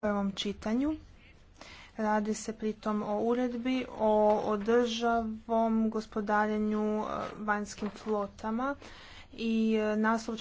prvom čitanju. Radi se pritom o uredbi o održavom gospodarenju e, vanjskim flotama i e, naslov